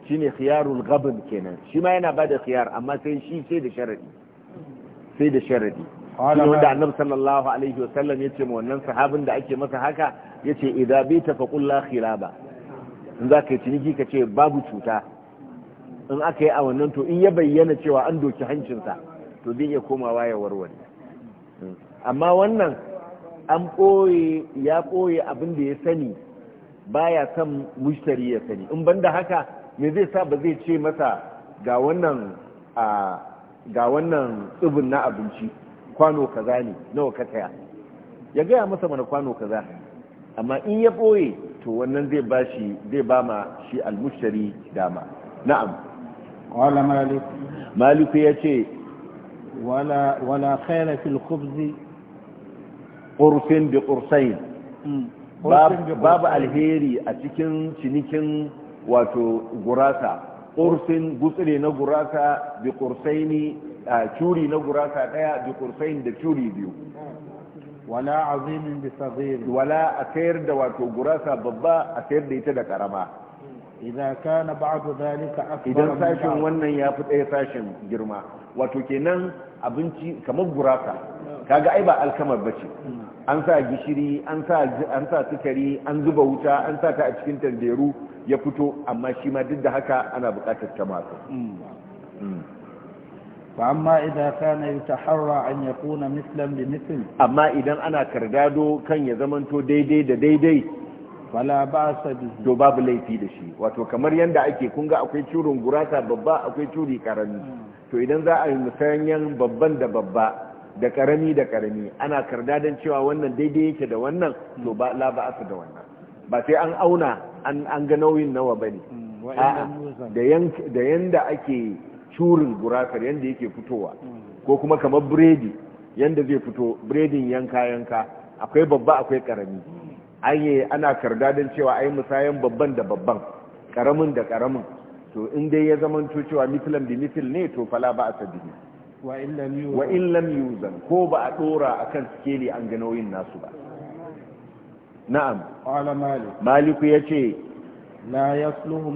shine khiyarul gabin kenan shi ma yana bada khiyar amma sai shi sai da sharadi sai da sharadi shi wanda annabi sallallahu alaihi sallam yace ma wannan sahabin da ake masa haka yace idza bita fa qul la khilaba in za ka yi ciniki ka ce babu cuta in aka yi a wannan to in ya bayyana cewa an doki hancinsa to din ya komawa ya warware amma wannan an ɓoye ya ɓoye abin da ya sani baya son mushtari ya sani in banda haka me zai sa ba zai ce masa ga wannan a ga wannan tsibin na abinci kwano kaza ne nawa ka taya ya gaya masa mana kwano kaza amma in ya ɓoye to wannan zai ba shi zai ba ma shi almushari dama na'am wala malik maliku ya ce wala wala khaira fil khubzi qurfin bi qursain hmm. babu alheri a cikin cinikin wato gurasa ƙursin gutsire na gurasa bi a curi na gurasa ɗaya bi kursain da curi biyu wala azimin bi saghir wala a sayar da wato gurasa babba a sayar da ita da karama idan kana ba'du zalika akbar idan sashin wannan ya fi ɗaya sashin girma wato kenan abinci kamar gurasa kaga ai ba alkamar bace an sa gishiri an sa an sa sukari an zuba wuta an sa ta a cikin tanderu ya fito amma shi ma duk da haka ana buƙatar masu Ba mm. mm. amma idan yi ta harwa an ya kuna mislan da mislan amma idan ana kargado kan ya zamanto daidai da daidai wala ba sa bihi to babu laifi da shi wato kamar yadda ake kunga akwai curin gurata babba akwai curi karami mm. to idan za a yi musayen babban da babba da karami da karami ana kardadan cewa wannan daidai yake da wannan to ba la ba da wannan ba sai an auna an ga nauyin nawa ba ne mm, da yanda ake curin gurasar yanda yake fitowa mm. ko kuma kamar biredi yanda zai fito biredin yanka-yanka akwai babba akwai karami mm. an ana karda don cewa ai musayan babban da babban karamin da karamin to in dai ya zama to cewa mithlan bi mithl ne to fala ba a wa in lam yuzan ko ba a dora akan sikeli an ga nauyin nasu ba na'am qala malik maliku yace la yasluhu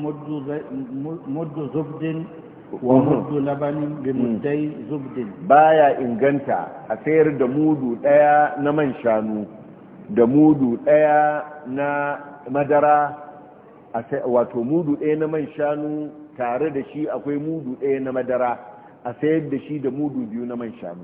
muddu zubdin wa muddu labanin bi hmm. muddai zubdin baya inganta a sayar da mudu daya na man shanu da mudu daya na madara wato mudu daya na man shanu tare da shi akwai mudu daya na madara a sayar da shi da mudu biyu na man shanu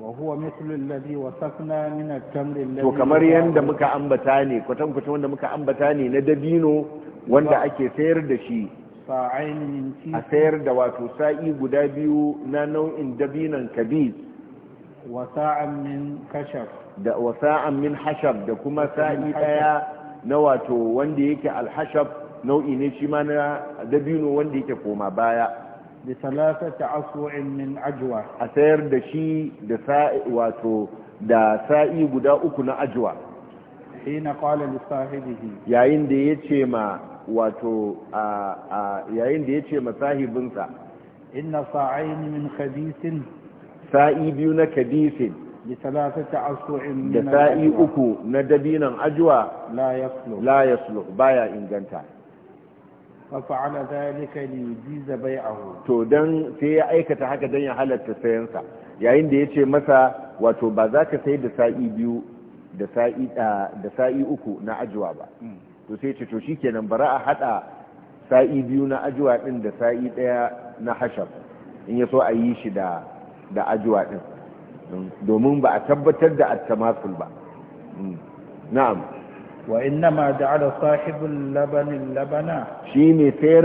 wa huwa mithlu alladhi wasafna min tamr alladhi to kamar yanda muka ambata ne kwatan kwatan wanda muka ambata ne na dabino wanda ake sayar da shi a sayar da wato sa'i guda biyu na nau'in dabinan kabiz wa sa'an min kashaf da wa sa'an min hashab da kuma sa'i daya na wato wanda yake al-hashab nau'i ne shi ma na dabino wanda yake koma baya bi salasata aswa'in min ajwa a sayar da shi da sa'i wato da sa'i guda uku na ajwa hina qala sahibihi yayin da ce ma wato yayin da ce ma sahibinsa ina sa'ayin min kadisin sa'i biyu na da bi salasata aswa'in min da sa'i uku na dabinan ajwa la yaslo baya inganta fafa'ala zalika li jiza bai'ahu to dan sai ya aikata haka dan ya halatta sayansa yayin da ya ce masa wato ba za ka sai da sa'i biyu da sa'i uku na ajuwa ba mm. to sai ce to shikenan bara a hada sa'i biyu na ajuwa din da sa'i daya na hashab in ya so a yi shi da da ajuwa din domin ba a tabbatar da at-tamasul ba mm. na'am wa inna ma ja'ala sahibul labanin labana shine sayar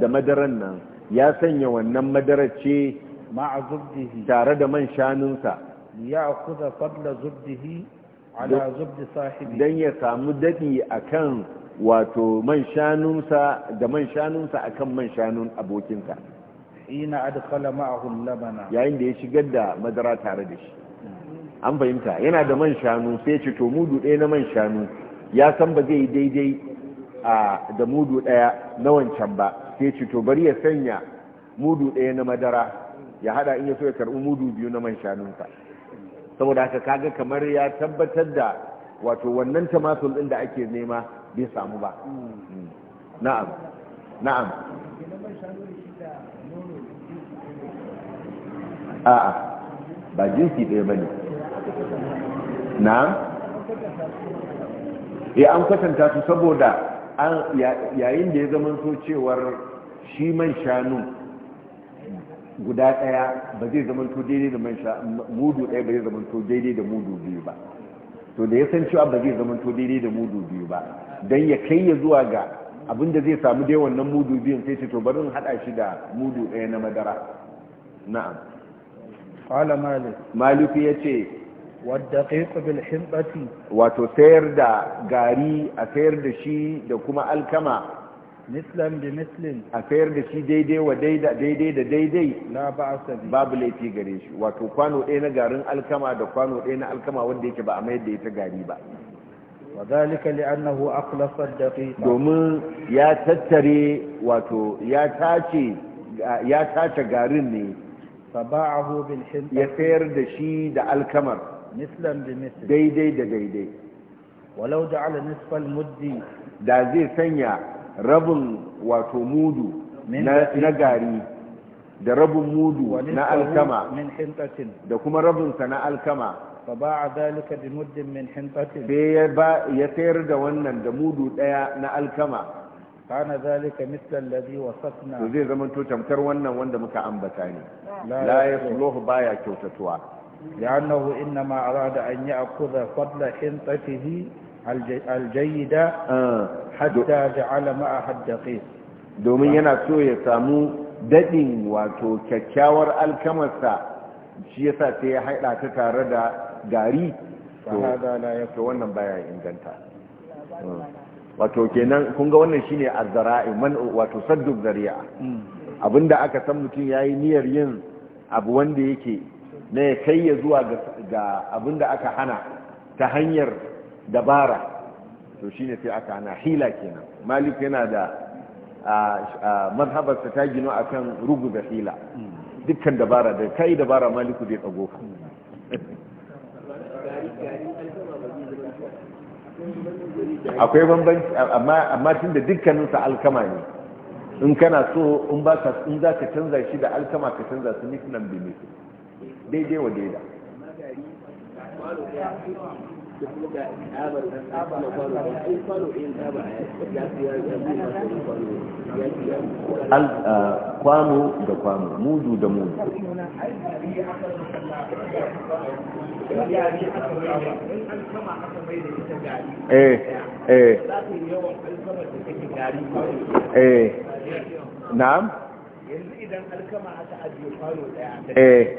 da madaran nan ya sanya wannan madarar ce ma'a zubdihi tare da man shanunsa ya kuza fadla zubdihi ala zubdi sahibi dan ya samu dadi akan wato da man shanunsa akan man shanun abokinsa ina adkhala ma'ahu labana yayin da ya shigar da madara tare da shi an fahimta yana da man shanu sai to mudu ɗaya na man shanu ya san ba zai yi daidai da mudu ɗaya na wancan ba sai ce to bari ya sanya mudu ɗaya na madara ya hada in ya so ya karɓi mudu biyu na man shanunsa saboda haka kaga kamar ya tabbatar da wato wannan tamatul ɗin da ake nema bai samu ba hmm. na'am na'am a'a ba jinsi ɗaya ba ne na'am ya eh, an kwatanta su saboda yayin da ya zama so cewar shi man shanu guda daya ba zai zama to daidai da man mudu daya ba zai zama to daidai da mudu biyu ba to da ya san cewa ba zai zama to daidai da mudu biyu ba dan ya kai ya zuwa ga abinda zai samu dai wannan mudu biyun sai ce to barin hada shi da mudu daya na madara na'am qala malik malik yace wadda bil himbati wato sayar da gari a sayar da shi da kuma alkama mislan bi mislin a sayar da shi daidai wa daidai da daidai la ba'sa bi babu laifi gare shi wato kwano ɗaya na garin alkama da kwano ɗaya na alkama wanda ba a mayar da gari ba وذلك لأنه أخلص الدقيق دومن يا تتري واتو يا تاتي يا تاتا غارين ني فباعه بالحنطة da shi da alkamar. mislan bi daidai da daidai walau ja'ala nisfal muddi da zai sanya rabin wato mudu na gari da rabin mudu na alkama da kuma rabinsa na alkama فباع ذلك بمد من حنطة يسير دوانا دمود ديا نألكما كان ذلك مثل الذي وصفنا وزي زمن تو تمكر wannan wanda muka ambata ne. لا يصلوه baya kyautatuwa. لأنه إنما أراد أن يأخذ فضل حنطته الجيدة حتى جعل معها الدقيق domin yana so ya samu daɗin wato kyakkyawar alkamarsa shi yasa sai ya haɗa ta tare da gari to wannan baya inganta wato kenan kun ga wannan shine azzara'i man wato saddu zari'a abinda aka san mutum yayi niyyar yin abu wanda yake na ya kai ya zuwa ga abin da aka hana ta hanyar dabara to shi ne sai aka hana hila kenan malik yana da mazhabarsa ta gino a kan rugu da hila dukkan dabara da kai dabara maliku zai tsago ka akwai bambanci amma tun da dukkaninsa alkama ne in kana so in za ka canza shi da alkama ka canza su nisnan bi daidai wa daida uh, kwano da kwano mudu da mudu eh eh eh na'am yanzu idan alkama aka ajiye kwano daya eh.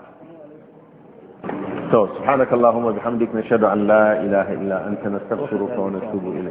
to subhanakallahumma bihamdik nashhadu an la ilaha illa anta nastaghfiruka wa natubu ilayk